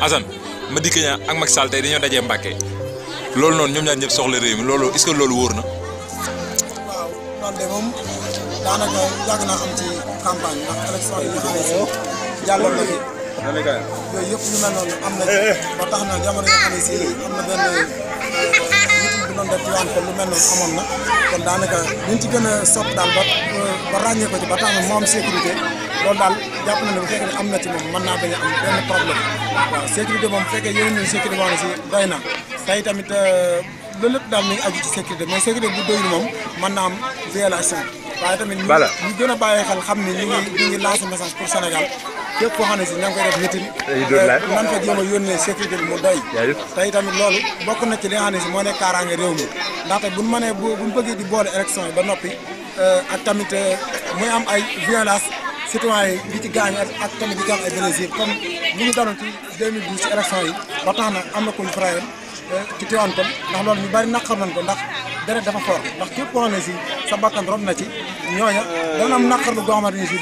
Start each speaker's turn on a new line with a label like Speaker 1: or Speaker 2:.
Speaker 1: Assane Madické Niang ak Macky Sall tey dañoo dajee Mbàkke loolu noonu ñoom ñaar ñëpp soxla réew mi loolu est-ce loolu wóor waaw
Speaker 2: loolu de moom daanaka yàgg naa am ci campagne ndax élection yi nga xam ne jàlloon yooyu yëpp ñu mel noonu am na ci ba tax na jamono yoo ne si am na benn. Euh, ba Tiwaan kon lu mel noonu amoon na kon daanaka liñ ci gën a sopp daal ba ba ràññee ko ci ba tax na mu am sécurité loolu daal jàpp na ne bu fekkee ne am na ci moom man naa bañ a am benn problème sécurité moom bu fekkee yéen ñun sécurité boo xam ne si doy na tey tamit euh, loolu lépp daal mi ngi aju ci sécurité mais sécurité bu doyul moom mën naa am violation waaye tamit ñu gën a bàyyi xel xam ne ñu ngi ñu ngi lancer message pour Sénégal képp koo xam ne si ña ngi koy def mitin euh, nan fa jéem a yónnee sécurité bi mu doy tey tamit loolu bokk na ci li nga xam ne si moo nekk kaaraange réew mi ndaxte buñ mënee buñ bëggee di boole élection yi ba noppi euh, ak tamit euh, muy am ay violence citoyen yi ci gaañu ak tamit di gaañ ay blessés comme li ñu daloon ci 2012 ci élection yi ba tax na am na kuñ frayen ci Tivaouane kon ndax loolu ñu bari naqar
Speaker 1: nañ ko ndax deret dafa for ndax képp koo xam ne si sa bakkan na ci ñooña dana am naqar lu goo ni si